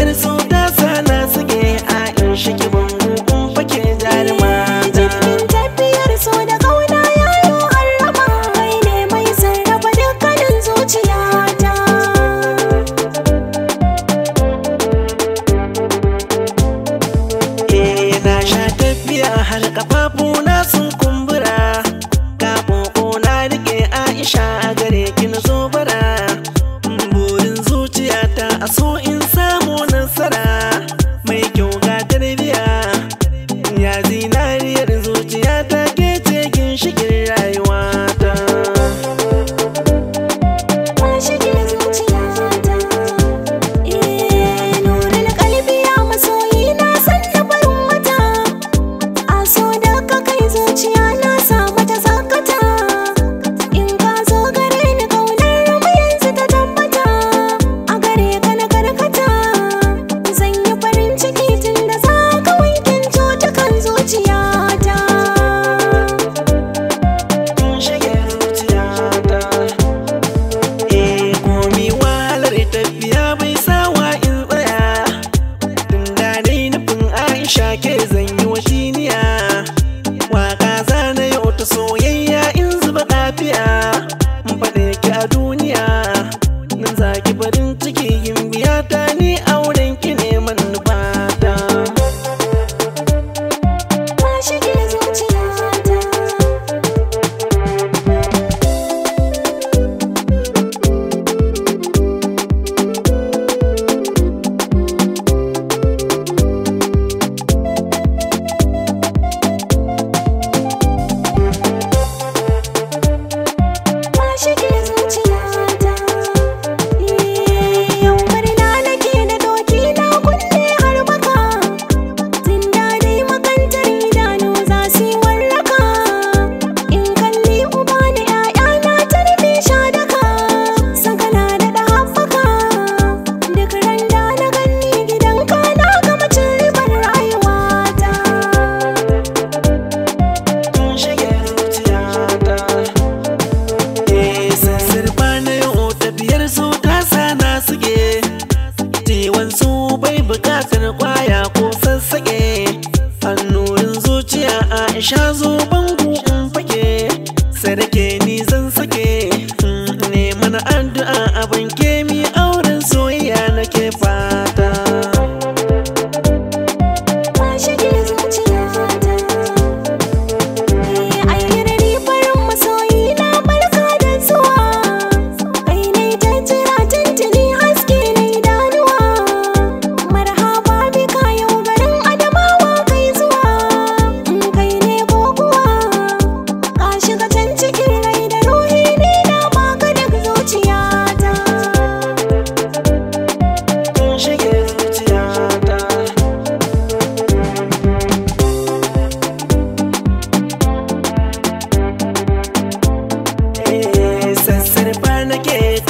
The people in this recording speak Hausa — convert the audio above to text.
yar sauda na suke a in shiki bangu in fake jarima jirgin tafiyar so da kauna ya yi arraba kai ne mai sarrafa dukkanin zuciyata eh yana sha tafiya har kafa I want. Hassan kwaya ko sassaƙe Annurin zuciya Aisha zo bangu in fage Sarake ni zan sake get.